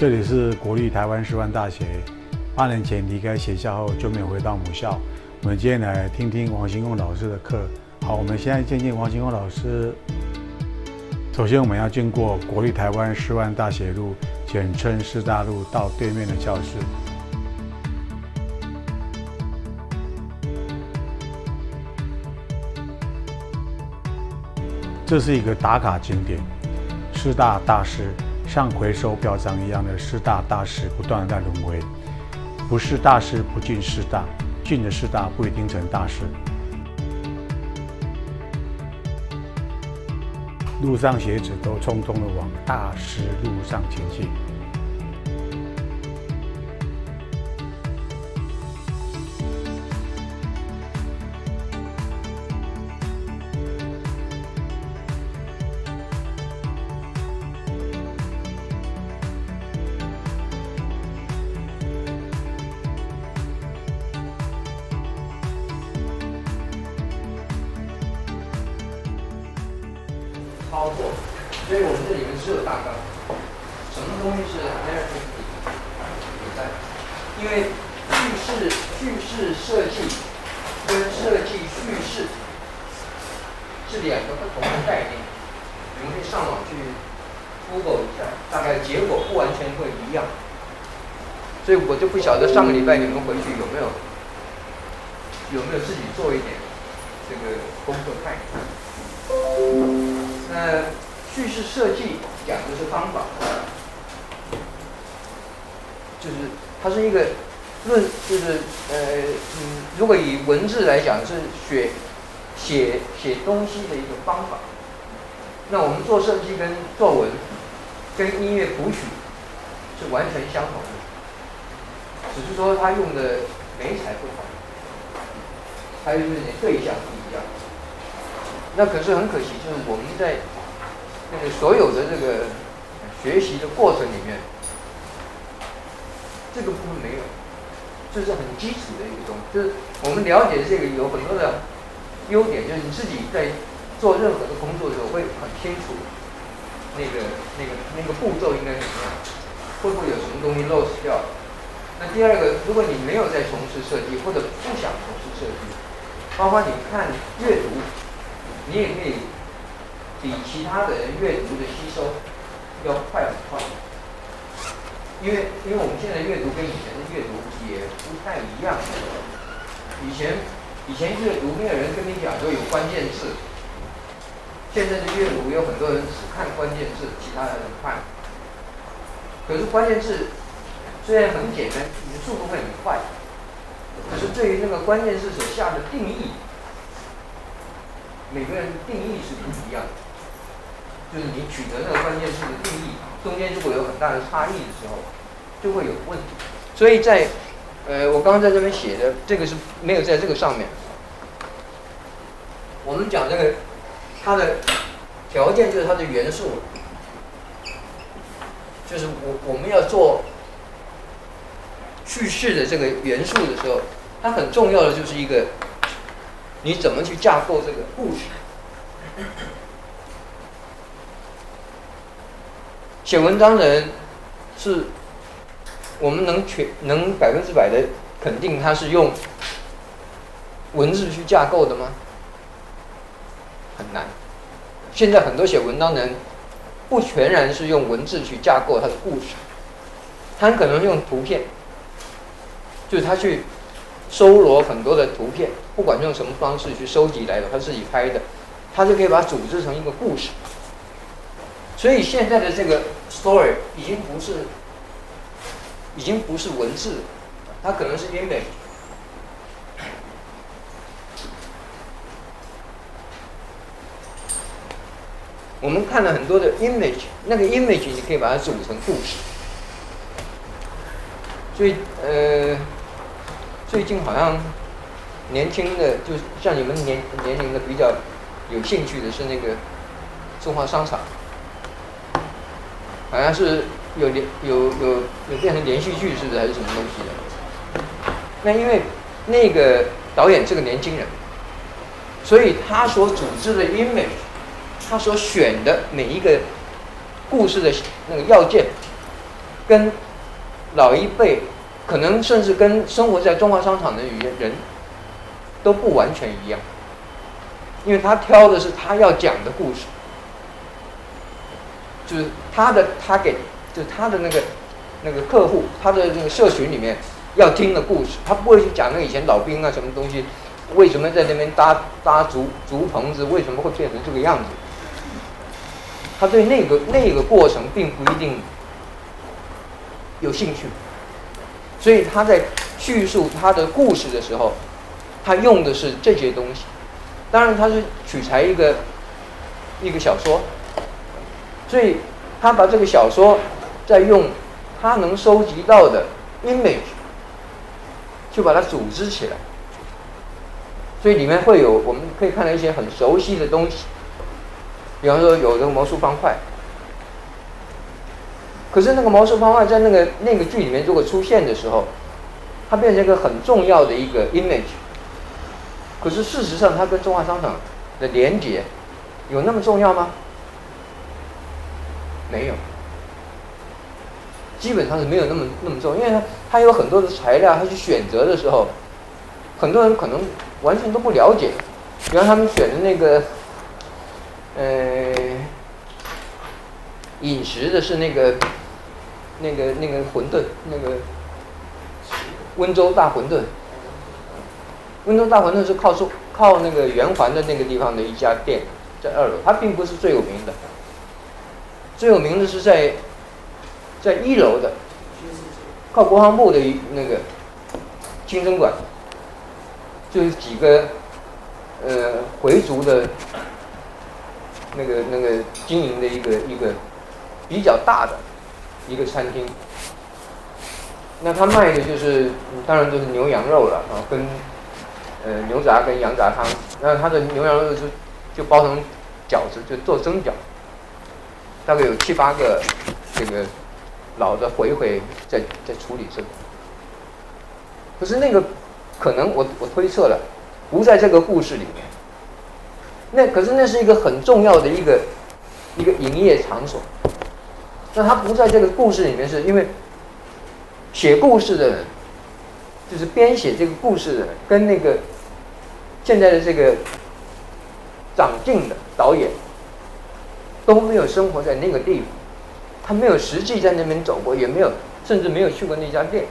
這裡是國立臺灣師範大學。八年前離開學校後，就沒有回到母校。我們今天來聽聽王行恭老師的課。好，我們現在見見王行恭老師。首先，我們要經過國立臺灣師範大學路，簡稱師大路，到對面的教室。這是一個打卡景點，師大大師。像回收標章一樣的師大大師不斷的在輪迴，不是大師不進師大，進了師大不一定成大師。路上學子都匆匆的往大師路上前進。哦、所以，我們這裡面只有大綱。什麼東西是因為敘事、敘事設計跟設計敘事是兩個不同的概念。你們可以上網去 Google 一下，大概結果不完全會一樣。所以我就不曉得上個禮拜你們回去有沒有、有沒有自己做一點這個工作態度。呃，敘事設計講的是方法，就是它是一個論，就是呃，嗯，如果以文字來講，是寫寫寫東西的一種方法。那我們做設計跟作文、跟音樂譜曲是完全相同的，只是說它用的媒材不同，還有就是你對象不一樣。那可是很可惜，就是我們在那個所有的這個學習的過程裡面，這個部分沒有，這是很基礎的一個東西。就是我們了解這個有很多的優點，就是你自己在做任何的工作的時候會很清楚，那個，那個那個那個步驟應該怎麼樣，會不會有什麼東西漏失掉。那第二個，如果你沒有在從事設計或者不想從事設計，包括你看閱讀。你也可以比其他的人閱讀的吸收要快很快，因為因為我們現在閱讀跟以前的閱讀也不太一樣以，以前以前閱讀沒有人跟你講說有關鍵字，現在的閱讀有很多人只看關鍵字，其他人很快，可是關鍵字雖然很簡單，你速度會很快，可是對於那個關鍵字所下的定義。每個人的定義是不一樣的，就是你取得那個關鍵詞的定義，中間如果有很大的差異的時候，就會有問題。所以在，呃，我剛剛在這邊寫的這個是沒有在這個上面。我們講這個，它的條件就是它的元素，就是我我們要做敘事的這個元素的時候，它很重要的就是一個。你怎麼去架構這個故事？寫文章人，是我們能全能百分之百的肯定他是用文字去架構的嗎？很難。現在很多寫文章人不全然是用文字去架構他的故事，他很可能用圖片，就是他去。搜羅很多的圖片，不管用什麼方式去收集來的，他自己拍的，他就可以把它組織成一個故事。所以現在的這個 story 已經不是，已經不是文字，它可能是 image。我們看了很多的 image，那個 image 你可以把它組成故事。所以呃。最近好像年輕的，就像你們年年齡的比較有興趣的是那個《中華商場》，好像是有連有有有，有變成連續劇似的還是什麼東西的。那因為那個導演是個年輕人，所以他所組織的英美，他所選的每一個故事的那個要件，跟老一輩。可能甚至跟生活在中華商場的人都不完全一樣，因為他挑的是他要講的故事，就是他的他給就是他的那個那個客戶他的那個社群裡面要聽的故事。他不會去講那個以前老兵啊什麼東西，為什麼在那邊搭搭竹竹棚子，為什麼會變成這個樣子？他對那個那個過程並不一定有興趣。所以他在敘述他的故事的時候，他用的是這些東西。當然，他是取材一個一個小說，所以他把這個小說再用他能收集到的 image 去把它組織起來。所以裡面會有我們可以看到一些很熟悉的東西，比方說有這個魔術方塊。可是那個魔術方塊在那個那個劇裡面如果出現的時候，它變成一個很重要的一個 image。可是事實上它跟中華商場的連接有那麼重要嗎？沒有，基本上是沒有那麼那麼重要，因為它它有很多的材料，它去選擇的時候，很多人可能完全都不了解。比方他們選的那個，呃，飲食的是那個。那個那個餛飩，那個溫州大餛飩，溫州大餛飩是靠住靠那個圓環的那個地方的一家店，在二樓，它並不是最有名的，最有名的是在在一樓的，靠國防部的那個清真館，就是幾個呃回族的那個那個經營的一個一個比較大的。一個餐廳，那他賣的就是，當然就是牛羊肉了啊，跟，呃，牛雜跟羊雜湯。那他的牛羊肉就就包成餃子，就做蒸餃。大概有七八個這個老的回回在在處理這個。可是那個，可能我我推測了，不在這個故事裡面。那可是那是一個很重要的一個一個營業場所。那他不在這個故事裡面，是因為寫故事的人，就是編寫這個故事的人，跟那個現在的這個掌鏡的導演都沒有生活在那個地方，他沒有實際在那邊走過，也沒有甚至沒有去過那家店，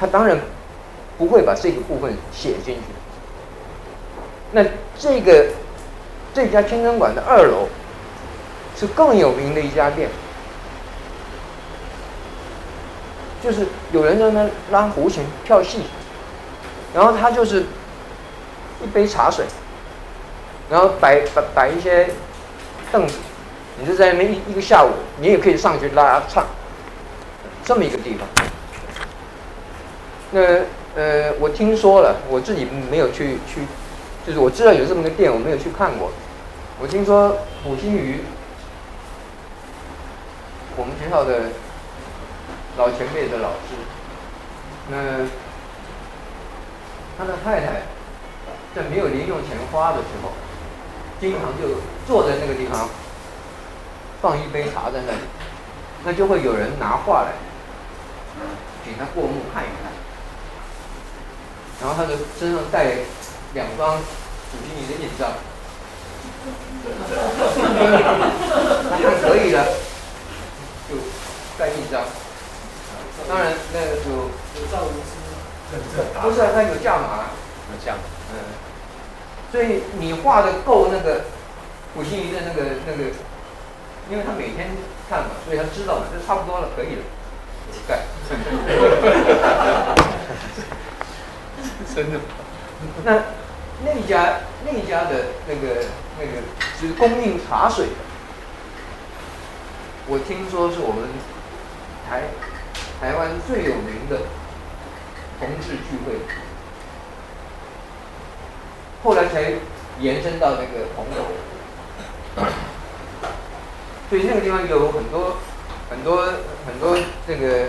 他當然不會把這個部分寫進去。那這個這家清真館的二樓是更有名的一家店。就是有人在那拉胡琴跳戲，然後他就是一杯茶水，然後擺擺擺一些凳子，你就在那邊一一個下午，你也可以上去拉唱，這麼一個地方。那呃，我聽說了，我自己沒有去去，就是我知道有這麼一個店，我沒有去看過。我聽說五星魚，我們學校的。老前輩的老師，那他的太太在沒有零用錢花的時候，經常就坐在那個地方，放一杯茶在那裡，那就會有人拿畫來，請他過目看一看。然後他的身上帶兩張主經理的印章，你 看可以了，就帶印章。當然，那個有有趙無極，不是他有價碼，有價碼，嗯。所以你畫的夠那個古心怡的那個那個，因為他每天看嘛，所以他知道嘛，這差不多了，可以了。我蓋真的。那那一家那一家的那個那個就是供應茶水的，我聽說是我們台。台灣最有名的同志聚會，後來才延伸到那個紅樓。所以那個地方有很多、很多、很多這個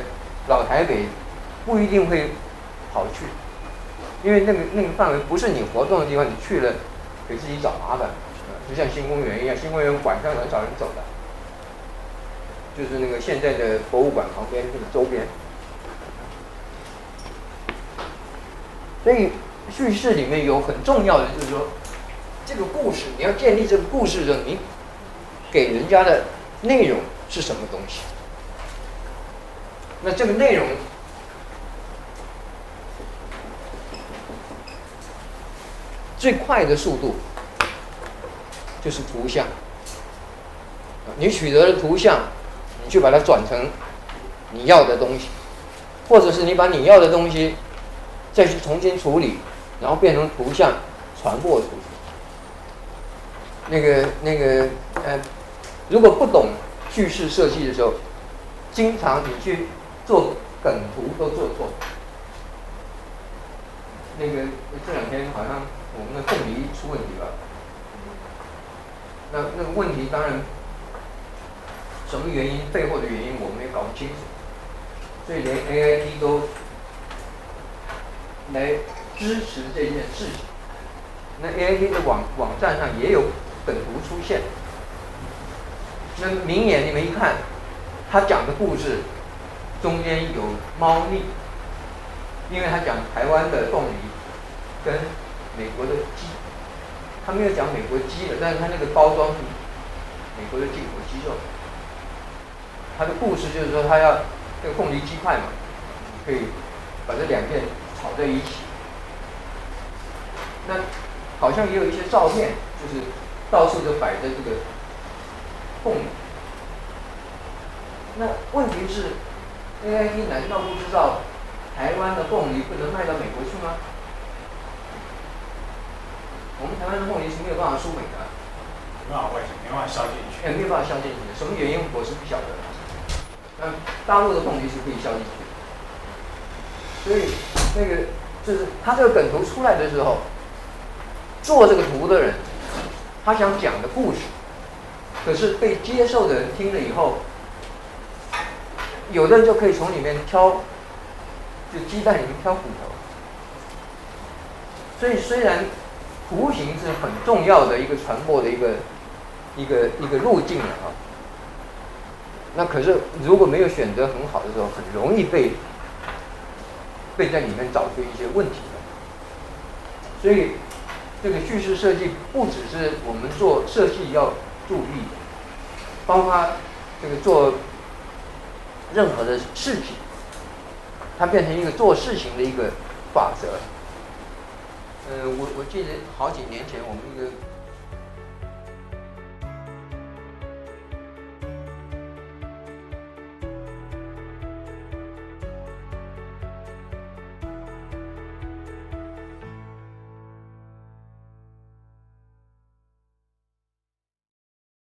老台北，不一定會跑去，因為那個那個範圍不是你活動的地方，你去了給自己找麻煩。呃，就像新公園一樣，新公園晚上很少人走的。就是那個現在的博物館旁邊這個周邊，所以敘事裡面有很重要的，就是說這個故事你要建立這個故事的時候，你給人家的內容是什麼東西？那這個內容最快的速度就是圖像，你取得的圖像。去把它轉成你要的東西，或者是你把你要的東西再去重新處理，然後變成圖像傳播出去。那個那個呃，如果不懂敘事設計的時候，經常你去做梗圖都做錯。那個這兩天好像我們的鳳梨出問題了，那那個問題當然。什麼原因？背後的原因我們也搞不清楚，所以連 A I T 都來支持這件事情。那 A I T 的網網站上也有梗圖出現。那明眼你們一看，他講的故事中間有貓膩，因為他講台灣的鳳梨跟美國的雞，他沒有講美國雞的，但是他那個包裝是美國的進口雞肉。他的故事就是說，他要這個鳳梨雞塊嘛，可以把這兩片炒在一起。那好像也有一些照片，就是到處都擺在這個鳳梨。那問題是，AIT 難道不知道台灣的鳳梨不能賣到美國去嗎？我們台灣的鳳梨是沒有辦法輸美的、啊沒，沒辦法外、欸、沒辦法銷進去，也沒辦法銷進去。什麼原因我是不曉得的。啊，大陸的動機是可以消進去，所以那個就是他這個梗圖出來的時候，做這個圖的人，他想講的故事，可是被接受的人聽了以後，有的人就可以從裡面挑，就雞蛋裡面挑骨頭。所以雖然圖形是很重要的一個傳播的一個一個一個，一個路徑了啊。那可是如果沒有選擇很好的時候，很容易被被在裡面找出一些問題的。所以這個敘事設計不只是我們做設計要注意的，包括這個做任何的事情，它變成一個做事情的一個法則。嗯、呃，我我記得好幾年前我們那個。